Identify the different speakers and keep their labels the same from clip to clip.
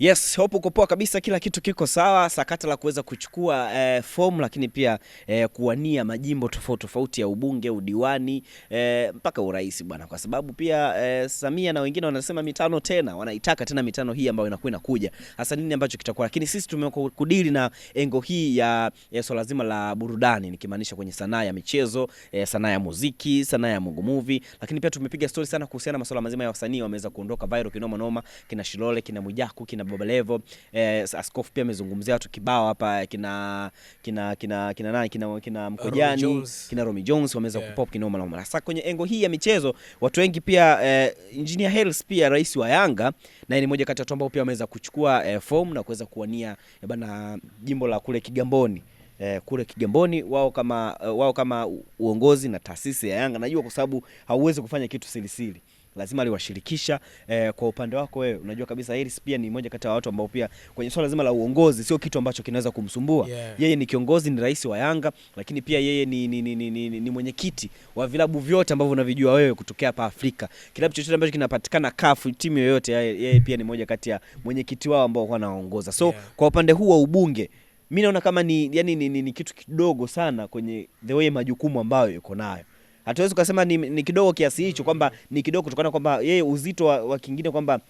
Speaker 1: Yes, hope uko poa kabisa, kila kitu kiko sawa. Sakata la kuweza kuchukua eh, fomu lakini pia eh, kuwania majimbo tofauti tofauti ya ubunge, udiwani eh, mpaka urais bwana, kwa sababu pia eh, Samia na wengine wanasema mitano tena, wanaitaka tena mitano hii ambayo inakuwa inakuja. Sasa nini ambacho kitakuwa, lakini sisi tumekudili na engo hii ya, ya swala zima la burudani, nikimaanisha kwenye sanaa ya michezo eh, sanaa ya muziki, sanaa ya Mungu Movie, lakini pia tumepiga story sana kuhusiana na masuala mazima ya wasanii wameweza kuondoka viral kinoma noma, kina Shilole, kina Mwijaku, kina Bobalevo eh, Askofu pia amezungumzia watu kibao hapa kina kina kina kina nani kina kina Mkojani kina Romy Jones wameweza yeah, kupop kinoma noma. Sasa kwenye engo hii ya michezo watu wengi pia eh, Engineer Hersi pia rais wa Yanga na ni moja kati ya watu ambao pia wameweza kuchukua eh, form na kuweza kuwania eh, bana jimbo la kule Kigamboni Eh, kule Kigamboni wao kama, eh, wao kama uongozi na taasisi ya Yanga najua, kwa sababu hauwezi kufanya kitu silisili lazima aliwashirikisha. E, kwa upande wako wewe unajua kabisa Harris pia ni mmoja kati ya watu ambao pia kwenye swala zima la uongozi sio kitu ambacho kinaweza kumsumbua yeah. Yeye ni kiongozi, ni rais wa Yanga, lakini pia yeye ni, ni, ni, ni, ni, ni ni mwenyekiti wa vilabu vyote ambavyo unavijua wewe kutokea hapa Afrika. Kilabu chochote ambacho kinapatikana kafu timu yoyote, yeye pia ni mmoja kati ya mwenyekiti wao ambao wanaongoza. So yeah. Kwa upande huu wa ubunge mi naona kama ni, yani, ni, ni, ni kitu kidogo sana kwenye the way majukumu ambayo yuko nayo hatuwezi kusema ni, ni kidogo kiasi hicho kwamba ni kidogo kutokana kwamba yeye uzito wa, wa kingine kwamba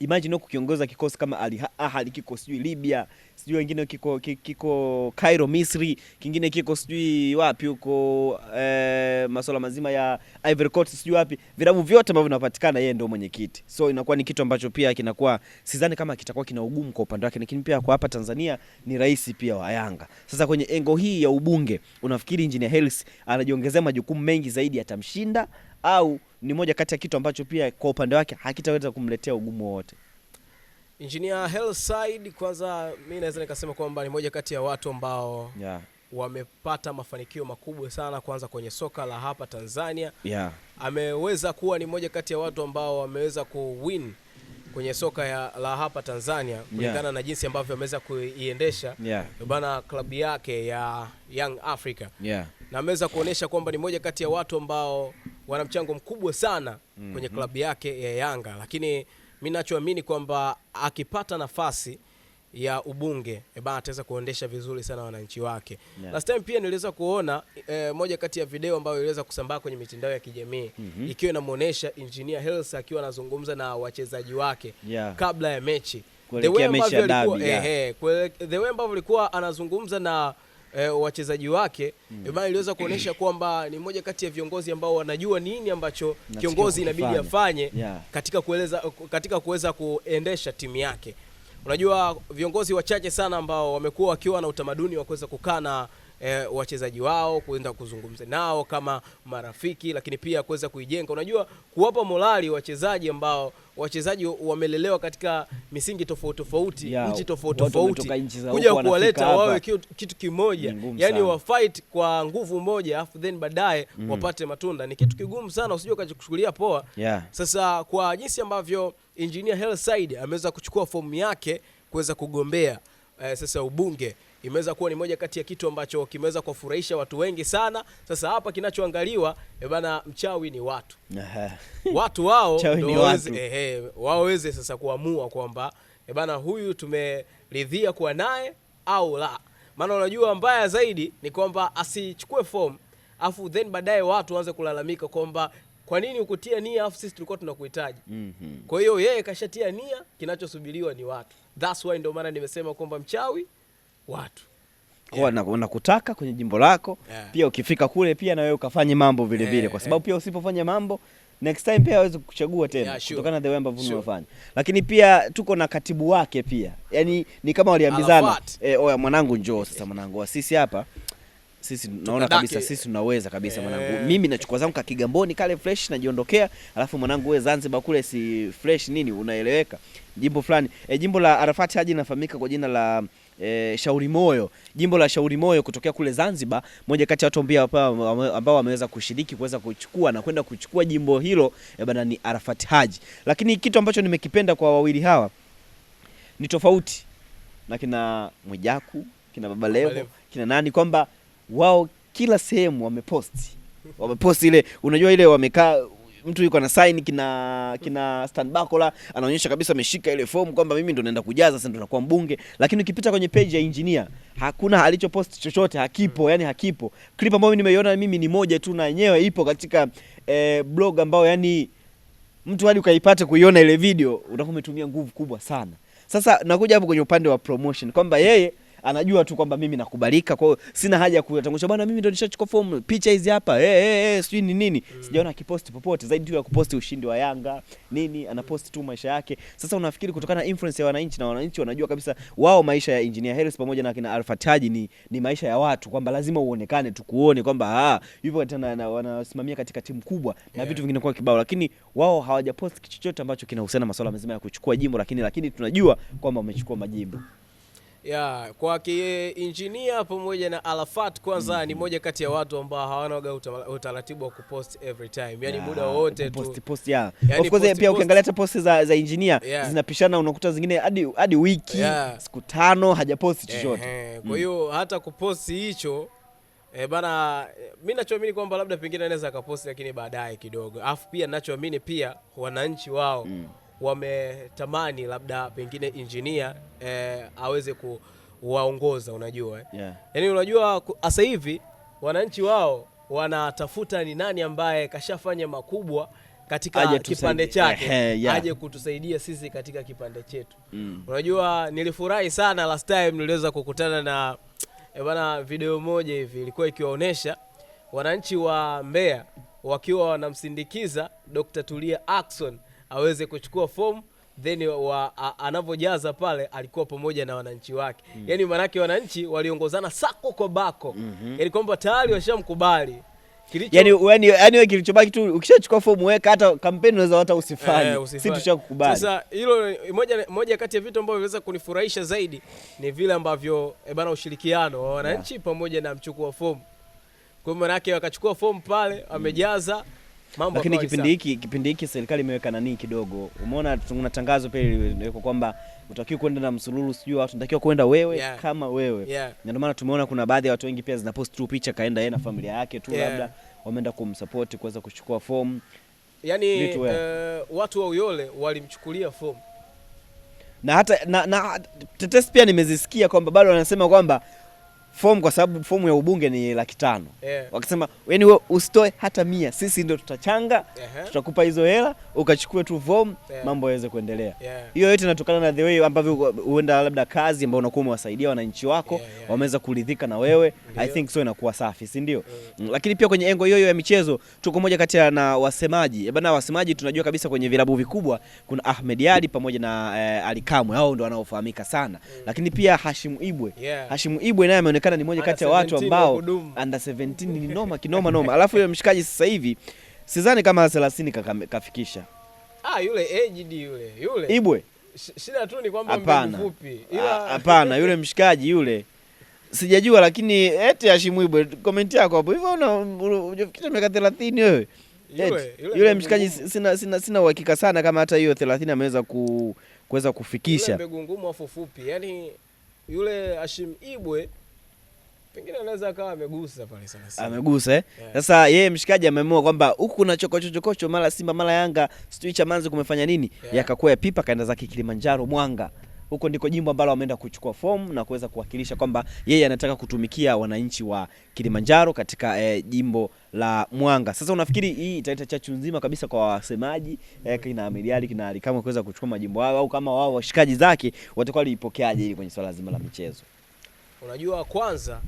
Speaker 1: Imagine huko kiongoza kikosi kama Al Ahly kiko sijui Libya, sijui wengine kiko kiko Cairo Misri, kingine kiko sijui wapi huko eh, masuala mazima ya Ivory Coast sijui wapi. Vilabu vyote ambavyo vinapatikana yeye ndio mwenyekiti. So inakuwa ni kitu ambacho pia kinakuwa sidhani kama kitakuwa kina ugumu kwa upande wake, lakini pia kwa hapa Tanzania ni rais pia wa Yanga. Sasa kwenye engo hii ya ubunge, unafikiri Engineer Hersi anajiongezea majukumu mengi zaidi, atamshinda au ni moja kati ya kitu ambacho pia kwa upande wake hakitaweza kumletea ugumu wowote.
Speaker 2: Engineer Hellside, kwanza mi naweza nikasema kwamba ni moja kati ya watu ambao yeah wamepata mafanikio makubwa sana kwanza kwenye soka la hapa Tanzania yeah. Ameweza kuwa ni moja kati ya watu ambao wameweza kuwin kwenye soka ya, la hapa Tanzania kulingana yeah. na jinsi ambavyo ameweza kuiendesha yeah. bana klabu yake ya Young Africa yeah. na ameweza kuonyesha kwamba ni moja kati ya watu ambao wana mchango mkubwa sana mm -hmm. kwenye klabu yake ya Yanga, lakini mi nachoamini kwamba akipata nafasi ya ubunge e bana ataweza kuondesha vizuri sana wananchi wake yeah. Last time pia niliweza kuona e, moja kati ya video ambayo iliweza kusambaa kwenye mitandao ya kijamii mm -hmm. ikiwa inamuonesha engineer Hersi akiwa anazungumza na wachezaji wake
Speaker 1: yeah. kabla
Speaker 2: ya mechi the way ambavyo alikuwa anazungumza na Eh, wachezaji wake mm. iliweza kuonyesha kwamba ni mmoja kati ya viongozi ambao wanajua nini ambacho Natika kiongozi inabidi afanye yeah. katika kueleza katika kuweza kuendesha timu yake. Unajua viongozi wachache sana ambao wamekuwa wakiwa na utamaduni wa kuweza kukaa na e, wachezaji wao kuenda kuzungumza nao kama marafiki, lakini pia kuweza kuijenga, unajua kuwapa morali wachezaji ambao wachezaji wamelelewa katika misingi tofauti tofauti, nchi tofauti tofauti, kuja kuwaleta wawe kitu kimoja, yani wa fight kwa nguvu moja, afu then baadaye mm. wapate matunda. Ni kitu kigumu sana, usije ukachukulia poa yeah. Sasa kwa jinsi ambavyo engineer Hersi ameweza kuchukua fomu yake kuweza kugombea eh, sasa ubunge imeweza kuwa ni moja kati ya kitu ambacho kimeweza kuwafurahisha watu wengi sana. Sasa hapa kinachoangaliwa eh, bana, mchawi ni watu watu wao waweze sasa kuamua kwamba eh, bana, huyu tumeridhia kuwa naye au la. Maana unajua mbaya zaidi ni kwamba asichukue fomu afu then baadaye watu waanze kulalamika kwamba kwa nini ukutia nia afu sisi tulikuwa tunakuhitaji.
Speaker 1: mm -hmm. Kwa
Speaker 2: hiyo yeye kashatia nia, kinachosubiriwa ni watu. That's why ndio maana nimesema kwamba mchawi watu
Speaker 1: yeah. nakutaka kwenye jimbo lako yeah. Pia ukifika kule pia na wewe ukafanye mambo vile vile yeah. Kwa sababu pia usipofanya mambo next time pia hawezi kuchagua tena yeah, sure. Kutokana na the way ambavyo sure. Unafanya, lakini pia tuko na katibu wake pia, yani ni kama waliambizana e, oya mwanangu, njoo sasa mwanangu, sisi hapa sisi naona kabisa sisi tunaweza kabisa mwanangu yeah. mimi nachukua zangu ka Kigamboni kale fresh najiondokea, alafu mwanangu wewe Zanzibar kule si fresh nini, unaeleweka jimbo fulani e, jimbo la Arafat Haji nafahamika kwa jina la e, Shauri Moyo, jimbo la Shauri Moyo kutokea kule Zanzibar, moja kati ya watu ambao wameweza kushiriki kuweza kuchukua na kwenda kuchukua jimbo hilo e, bana ni Arafat Haji. Lakini kitu ambacho nimekipenda kwa wawili hawa ni tofauti na kina Mwijaku, kina Baba Levo, kina nani, kwamba wao kila sehemu wameposti wameposti ile, unajua ile wamekaa mtu yuko na sign kina kina Stan Bakola anaonyesha kabisa ameshika ile form kwamba mimi ndo naenda kujaza, sasa ndo nakuwa mbunge. Lakini ukipita kwenye page ya engineer hakuna alichopost chochote, hakipo mm. yani, hakipo. Clip ambayo nimeiona mimi ni moja tu na yenyewe ipo katika eh, blog ambayo yani mtu hadi ukaipate kuiona ile video utakuwa umetumia nguvu kubwa sana. Sasa nakuja hapo kwenye upande wa promotion kwamba yeye anajua tu kwamba mimi nakubalika, kwa hiyo sina haja ya kutangusha bwana, mimi ndo nishachukua fomu, picha hizi hapa, eh, eh eh, sijui ni nini. mm. Sijaona akiposti popote zaidi tu ya kuposti ushindi wa Yanga nini, anaposti tu maisha yake. Sasa unafikiri kutokana na influence ya wananchi, na wananchi wanajua kabisa wao maisha ya Engineer Harris pamoja na kina Alpha Taji ni, ni maisha ya watu kwamba lazima uonekane, tukuone kwamba ah, hivyo tena wanasimamia katika timu kubwa na vitu vingine kwa kibao, lakini wao hawajaposti kichochote ambacho kinahusiana na masuala mazima ya kuchukua jimbo, lakini lakini tunajua kwamba wamechukua majimbo
Speaker 2: ya kwa kiinjinia pamoja na Alafat kwanza mm Ni mm-hmm. moja kati ya watu ambao hawana waga utaratibu wa kupost every time, yani muda wote tu
Speaker 1: post post ya yani of course pia ukiangalia hata post za, za engineer yeah. Zinapishana, unakuta zingine hadi hadi wiki yeah. Siku tano hajaposti chochote
Speaker 2: kwa mm. hiyo mm. Hata kuposti hicho E, bana mimi nachoamini kwamba labda pengine anaweza akaposti lakini baadaye kidogo, afu pia nachoamini pia wananchi wao mm wametamani labda pengine injinia eh, aweze kuwaongoza unajua eh. Yeah. yani unajua sasa hivi wananchi wao wanatafuta ni nani ambaye kashafanya makubwa katika kipande chake yeah. Aje kutusaidia sisi katika kipande chetu mm. Unajua, nilifurahi sana last time niliweza kukutana na eh, bana, video moja hivi ilikuwa ikiwaonesha wananchi wa Mbeya wakiwa wanamsindikiza Dr. Tulia Ackson aweze kuchukua fomu then anavyojaza pale alikuwa pamoja na wananchi wake mm. Yani maanake wananchi waliongozana sako kwa bako mm -hmm. Yani kwamba tayari washamkubali
Speaker 1: Kilicho... Yani, yani, yani kilichobaki tu ukishachukua fomu weka hata kampeni unaweza hata usifanye. Eh, si tushakukubali. Sasa
Speaker 2: hilo moja, moja kati ya vitu ambavyo vinaweza kunifurahisha zaidi ni vile ambavyo e bana ushirikiano wa wananchi yeah. pamoja na mchukua fomu kwa maana wakachukua fomu pale wamejaza mm. Mambo
Speaker 1: lakini kipindi hiki kipindi hiki serikali imeweka nani kidogo, umeona tuna tangazo pale iliwekwa kwamba utakiwa kwenda na msululu, sijui watu natakiwa kwenda wewe yeah. kama wewe yeah. na ndio maana tumeona kuna baadhi ya watu wengi pia zinapost tu picha kaenda yeye na familia yake tu yeah. labda wameenda kumsupport kuweza kuchukua fomu
Speaker 2: yani, uh, eh, watu wa Uyole walimchukulia fomu
Speaker 1: na hata na, na tetesi pia nimezisikia kwamba bado wanasema kwamba fomu kwa sababu fomu ya ubunge ni laki tano
Speaker 2: yeah. Wakasema
Speaker 1: yani wewe usitoe hata mia, sisi ndio tutachanga uh -huh. Tutakupa hizo hela ukachukue tu fomu yeah. Mambo yaweze kuendelea yeah. Hiyo yote inatokana na the way ambavyo huenda labda kazi ambayo unakuwa umewasaidia wananchi wako yeah, yeah. Wameweza kuridhika na wewe Ndiyo. I think so inakuwa safi si ndio? yeah. Mm. Mm, lakini pia kwenye engo hiyo ya michezo tuko moja kati ya na wasemaji eh, bana, wasemaji tunajua kabisa kwenye vilabu vikubwa kuna Ahmed Ally pamoja na eh, Alikamwe hao ndio wanaofahamika sana mm. Lakini pia Hashim Ibwe yeah. Hashim Ibwe naye ameonekana anaonekana ni moja kati ya watu ambao under 17 ni noma kinoma noma, alafu yule mshikaji sasa hivi sidhani kama 30 kaka, kafikisha
Speaker 2: ah, yule aged yule yule Ibwe shida tu ni kwamba mbegu fupi.
Speaker 1: Hapana, yule mshikaji yule sijajua, lakini eti Hashimu Ibwe, comment yako hapo hivyo, una unafikisha miaka 30 wewe? Yule, yule, yule mshikaji sina sina sina uhakika sana kama hata hiyo 30 ameweza ku, kuweza kufikisha. Yule
Speaker 2: Mbegu ngumu afu fupi. Yaani yule Hashim Ibwe Pengine anaweza akawa amegusa pale sana sana.
Speaker 1: Amegusa eh? Yeah. Sasa yeye mshikaji ameamua kwamba huku kuna chokocho chokocho mara Simba mara Yanga, sijui Chamazi kumefanya nini? Yeah. Yakakuwa pipa kaenda zake Kilimanjaro Mwanga. Huko ndiko jimbo ambalo wameenda kuchukua fomu na kuweza kuwakilisha kwamba yeye anataka kutumikia wananchi wa Kilimanjaro katika eh, jimbo la Mwanga. Sasa unafikiri hii italeta chachu nzima kabisa kwa wasemaji eh, mm. kina Amiriali kina Ali kama kuweza kuchukua majimbo hayo au kama wao washikaji zake watakuwa waliipokeaje hili kwenye swala zima la michezo?
Speaker 2: Unajua kwanza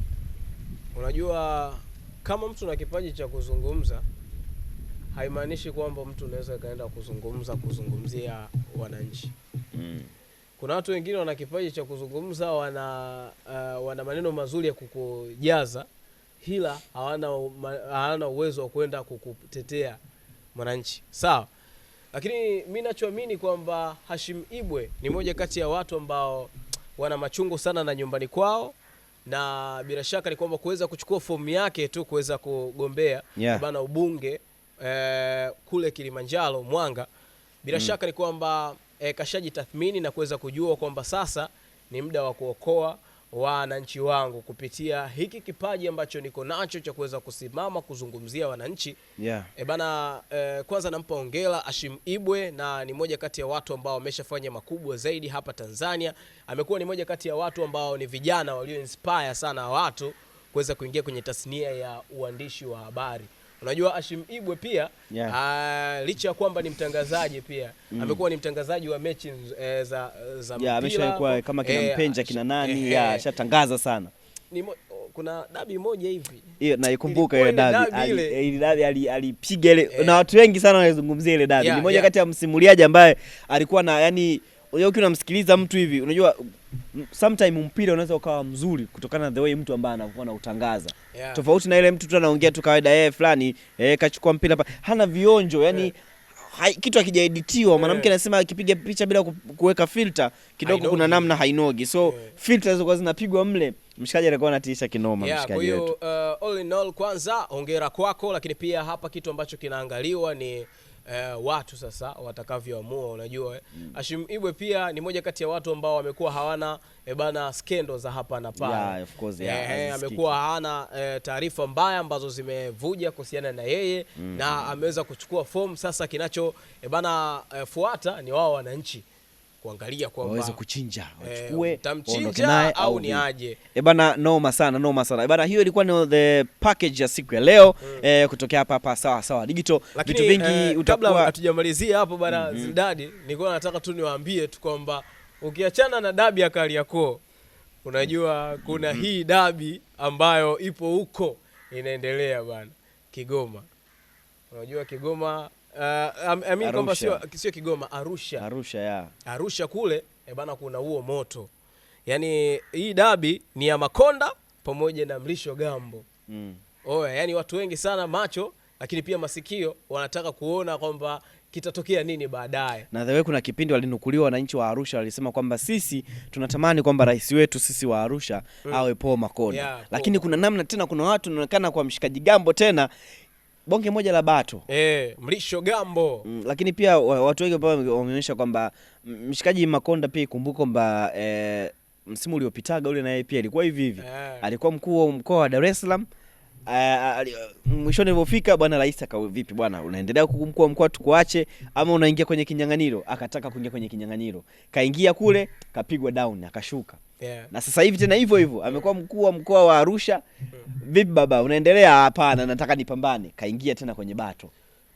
Speaker 2: Unajua, kama mtu na kipaji cha kuzungumza haimaanishi kwamba mtu unaweza kaenda kuzungumza kuzungumzia wananchi mm. Kuna watu wengine wana kipaji cha kuzungumza wana, uh, wana maneno mazuri ya kukujaza hila hawana, hawana uwezo wa kwenda kukutetea mwananchi, sawa. Lakini mi nachoamini kwamba Hashim Ibwe ni moja kati ya watu ambao wana machungu sana na nyumbani kwao na bila shaka ni kwamba kuweza kuchukua fomu yake tu kuweza kugombea yeah. bana ubunge e, kule Kilimanjaro Mwanga bila mm. shaka ni kwamba eh, kashaji kashajitathmini na kuweza kujua kwamba sasa ni muda wa kuokoa wananchi wangu kupitia hiki kipaji ambacho niko nacho cha kuweza kusimama kuzungumzia wananchi yeah. E bana e, kwanza nampa ongela Ashim Ibwe, na ni moja kati ya watu ambao wameshafanya makubwa zaidi hapa Tanzania. Amekuwa ni moja kati ya watu ambao ni vijana walio inspire sana watu kuweza kuingia kwenye tasnia ya uandishi wa habari. Unajua Ashim Ibwe pia yeah. uh, licha ya kwamba ni mtangazaji pia mm. amekuwa ni mtangazaji wa mechi e, za, eh,
Speaker 1: za yeah, ameshakuwa kama kina e, Mpenja ah, kina nani e, ya shatangaza sana
Speaker 2: ni mo, kuna dabi moja hivi
Speaker 1: hiyo naikumbuka hiyo dabi ile dabi alipiga ile na watu wengi sana wanazungumzia ile dabi. Ni moja kati ya msimuliaji ambaye alikuwa na yani unajua yaani ukiwa unamsikiliza mtu hivi, unajua sometime mpira unaweza ukawa mzuri kutokana na the way mtu ambaye anakuwa anautangaza yeah. Tofauti na ile mtu tu anaongea tu kawaida, yeye eh, fulani eh, kachukua mpira hapa, hana vionjo yani yeah. Hai, kitu hakijaeditiwa yeah. Mwanamke anasema akipiga picha bila kuweka filter kidogo, kuna namna hainogi, so yeah. Filter zilikuwa zinapigwa mle, mshikaji alikuwa anatisha kinoma yeah, mshikaji wetu.
Speaker 2: Uh, all in all, kwanza hongera kwako, lakini pia hapa kitu ambacho kinaangaliwa ni eh, watu sasa watakavyoamua. Unajua eh? mm. Ashim Ibwe pia ni moja kati ya watu ambao wamekuwa hawana eh, bana skendo za hapa na pale yeah, of course, yeah, eh, amekuwa hana eh, taarifa mbaya ambazo zimevuja kuhusiana na yeye mm. na ameweza kuchukua fomu sasa. Kinacho eh, bana eh, fuata ni wao wananchi kuangalia kwamba
Speaker 1: kuchinja eh, wachukue
Speaker 2: tamchinja au ni aje.
Speaker 1: Eh bana, noma sana noma sana bana. Hiyo ilikuwa ni the package ya siku ya leo mm. E, kutokea hapa hapa Sawa Sawa Digital, vitu vingi eh,
Speaker 2: utakuwa kabla hatujamalizia hapo bana mm -hmm. Zidadi, nilikuwa nataka tu niwaambie tu kwamba ukiachana na dabi ya Kariakoo, unajua kuna mm -hmm. hii dabi ambayo ipo huko inaendelea bana Kigoma, unajua Kigoma Uh, I kwamba sio sio Kigoma, Arusha.
Speaker 1: Arusha, ya.
Speaker 2: Arusha kule e bana, kuna huo moto yaani, hii dabi ni ya Makonda pamoja na Mlisho Gambo mm. Oya, yani watu wengi sana macho lakini pia masikio wanataka kuona kwamba kitatokea nini baadaye. Na
Speaker 1: way, kuna kipindi walinukuliwa wananchi wa Arusha walisema kwamba sisi tunatamani kwamba rais wetu sisi wa Arusha mm. awe Paul Makonda yeah, lakini kuna namna tena, kuna watu wanaonekana kwa mshikaji Gambo tena bonge moja la bato e,
Speaker 2: eh, mlisho gambo mm,
Speaker 1: lakini pia watu wengi wameonyesha kwamba mm, mshikaji Makonda pia ikumbuka kwamba e, msimu uliopitaga ule naye pia ilikuwa hivi hivi e, alikuwa mkuu wa mkoa wa Dar es Salaam mwisho eh, mwishoni bwana rais akawa vipi bwana, unaendelea kukumkua mkoa tukuache ama unaingia kwenye kinyang'anyiro? Akataka kuingia kwenye kinyang'anyiro, kaingia kule, kapigwa down, akashuka
Speaker 2: yeah. Na sasa
Speaker 1: hivi tena hivyo hivyo amekuwa mkuu wa mkoa wa Arusha. Vipi baba, unaendelea? Hapana, nataka nipambane. Kaingia tena kwenye bato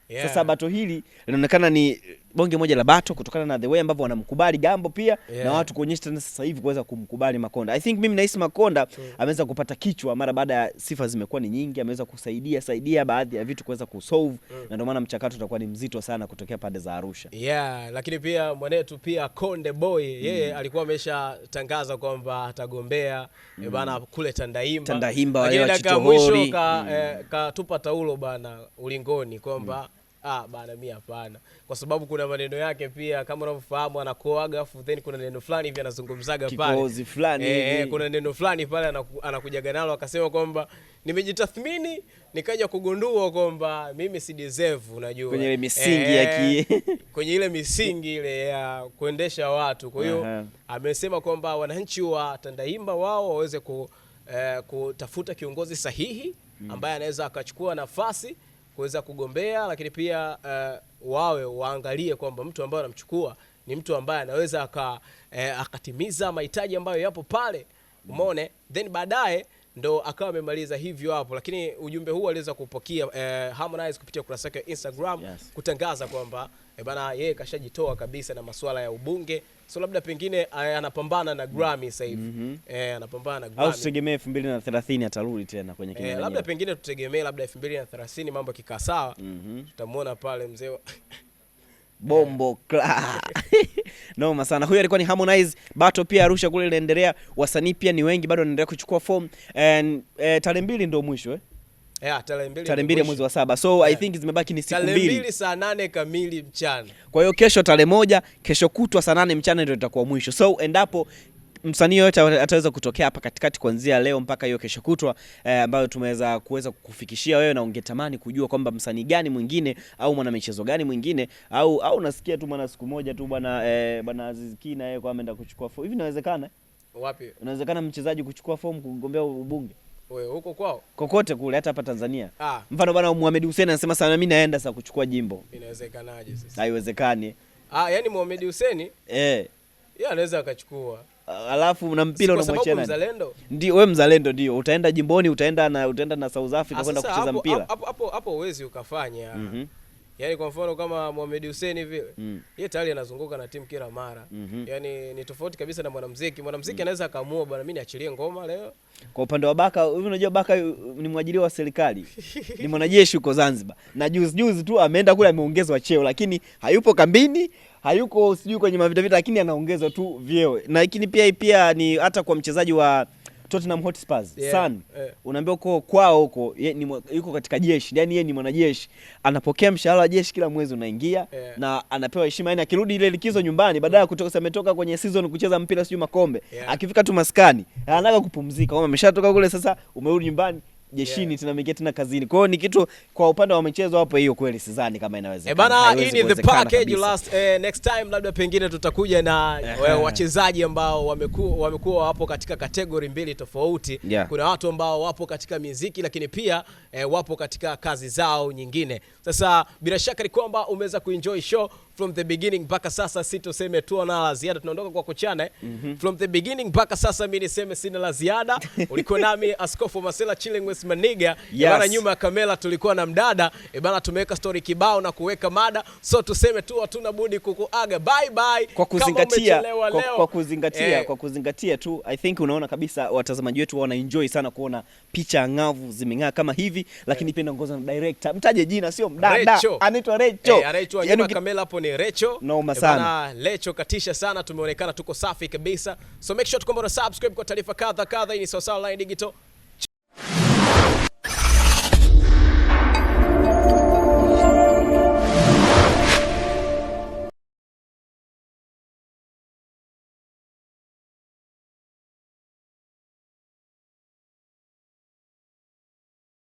Speaker 1: yeah. Sasa bato hili linaonekana ni bonge moja la bato kutokana na the way ambavyo wanamkubali Gambo pia yeah. na watu kuonyesha tena sasa hivi kuweza kumkubali Makonda. I think mimi nahisi Makonda ameweza kupata kichwa mara baada ya sifa zimekuwa ni nyingi, ameweza kusaidia saidia baadhi ya vitu kuweza kusolve mm. na ndio maana mchakato utakuwa ni mzito sana kutokea pande za Arusha.
Speaker 2: Yeah, lakini pia mwanetu pia Konde Boy yeye mm. alikuwa ameshatangaza kwamba atagombea mm. Eh, bana kule Tandahimba.
Speaker 1: Tandahimba wale
Speaker 2: wa Chitohori. Mwisho ka, mm. eh, katupa taulo bana ulingoni kwamba mm Ah, bana mimi hapana, kwa sababu kuna maneno yake pia kama unavyofahamu anakoaga, afu then kuna neno fulani hivi anazungumzaga pale
Speaker 1: kikozi fulani eh,
Speaker 2: kuna neno fulani pale anaku, anakujaga nalo akasema kwamba nimejitathmini nikaja kugundua kwamba mimi si deserve, unajua kwenye ile
Speaker 1: misingi e, ya eh, ki...
Speaker 2: kwenye ile misingi ile ya kuendesha watu. Kwa hiyo uh -huh. amesema kwamba wananchi wa Tandahimba wao waweze ku, eh, kutafuta kiongozi sahihi mm. ambaye anaweza akachukua nafasi kuweza kugombea, lakini pia uh, wawe waangalie kwamba mtu ambaye anamchukua ni mtu ambaye anaweza aka, eh, akatimiza mahitaji ambayo yapo pale, umeone then baadaye ndo akawa amemaliza hivyo hapo, lakini ujumbe huu aliweza kupokea eh, Harmonize kupitia ukurasa wake wa Instagram yes, kutangaza kwamba eh, bana yeye kashajitoa kabisa na masuala ya ubunge, so labda pengine eh, anapambana na Grammy sasa hivi mm -hmm. eh, anapambana na Grammy
Speaker 1: au tutegemee 2030 atarudi tena kwenye kinyang'anyiro
Speaker 2: eh, labda pengine tutegemee labda 2030 mambo kikaa sawa mm -hmm. tutamwona pale mzee
Speaker 1: Bombo Kla Noma sana. Huyo alikuwa ni Harmonize. Battle pia Arusha kule inaendelea. Wasanii pia ni wengi bado wanaendelea kuchukua form. And eh, tarehe mbili ndio mwisho eh?
Speaker 2: Yeah, eh, tarehe
Speaker 1: mbili ya mwezi wa saba so yeah. I eh, think zimebaki ni siku
Speaker 2: mbili saa nane kamili mchana. Kwa
Speaker 1: hiyo kesho tarehe moja, kesho kutwa saa nane mchana ndio itakuwa mwisho, so endapo msanii yoyote ataweza kutokea hapa katikati kuanzia leo mpaka hiyo kesho kutwa eh, ambayo tumeweza kuweza kukufikishia wewe, na ungetamani kujua kwamba msanii gani mwingine au mwanamichezo gani mwingine au au unasikia tu mwana siku moja tu bwana eh, bwana Aziz Ki na yeye kwa ameenda kuchukua fomu hivi, inawezekana wapi? Inawezekana mchezaji kuchukua fomu kugombea ubunge
Speaker 2: wewe huko kwao
Speaker 1: kokote kule hata hapa Tanzania ah. Mfano bwana Mohamed Hussein anasema sana mimi naenda sasa kuchukua jimbo,
Speaker 2: inawezekanaje sasa?
Speaker 1: Haiwezekani.
Speaker 2: Ah, yani Mohamed Hussein eh, yeye anaweza akachukua
Speaker 1: alafu na mpira
Speaker 2: unamwachia nani? Mzalendo
Speaker 1: ndio wewe, mzalendo ndio utaenda jimboni, utaenda na utaenda na South Africa ah, kwenda
Speaker 2: kucheza mpira hapo hapo hapo, uwezi ukafanya mm -hmm. Yaani kwa mfano kama Mohamed Hussein vile mm. yeye tayari anazunguka na timu kila mara mm
Speaker 1: -hmm. Yaani
Speaker 2: ni tofauti kabisa na mwanamuziki. Mwanamuziki mm. anaweza akaamua bwana, mimi niachilie ngoma leo.
Speaker 1: Kwa upande wa Baka wewe unajua Baka ni mwajiriwa wa serikali ni mwanajeshi huko Zanzibar, na juzi juzi tu ameenda kule ameongezwa cheo, lakini hayupo kambini hayuko sijui kwenye mavita vita, lakini anaongeza tu vyeo, lakini pia pia ni hata kwa mchezaji wa Tottenham Hotspurs yeah, Son yeah. Unaambia uko kwao huko yuko katika jeshi, yani yeye ni mwanajeshi, anapokea mshahara wa jeshi kila mwezi unaingia yeah. Na anapewa heshima, yani akirudi ile likizo nyumbani baada ya kutoka ametoka kwenye season kucheza mpira sijui makombe yeah. Akifika tu maskani anataka kupumzika, kama ameshatoka kule sasa, umerudi nyumbani jeshini yeah. tena ameingia tena kazini. Kwa hiyo ni kitu kwa upande wa michezo hapo, hiyo kweli sidhani kama inawezekana.
Speaker 2: Eh, bana, hii ni the package last eh, next time labda pengine tutakuja na wachezaji ambao wamekuwa wamekuwa wapo katika kategori mbili tofauti yeah. Kuna watu ambao wapo katika miziki lakini pia eh, wapo katika kazi zao nyingine. Sasa bila shaka ni kwamba umeweza kuenjoy show from the beginning mpaka sasa si tuseme tu na la ziada, tunaondoka kwa kuchana mm -hmm. From the beginning mpaka sasa mimi niseme sina la ziada. Ulikuwa nami Askofu Marcella Chillingworth Maniga yes. Bana, nyuma ya kamera tulikuwa na mdada e bana, tumeweka story kibao na kuweka mada, so tuseme tu hatuna budi kukuaga bye bye, kwa
Speaker 1: kuzingatia kwa, kwa kuzingatia eh, kwa kuzingatia tu I think unaona kabisa watazamaji wetu wana enjoy sana kuona picha ng'avu zimeng'aa kama hivi, lakini eh, pia inaongozwa na director, mtaje jina, sio mdada, anaitwa Recho,
Speaker 2: anaitwa eh, yaani nyuma kamera hapo ni Recho. Noma
Speaker 1: eh, sana.
Speaker 2: Recho katisha sana, tumeonekana tuko safi kabisa. So make sure tukombe na subscribe kwa taarifa kadha kadha. Hii ni Sawasawa Online Digital.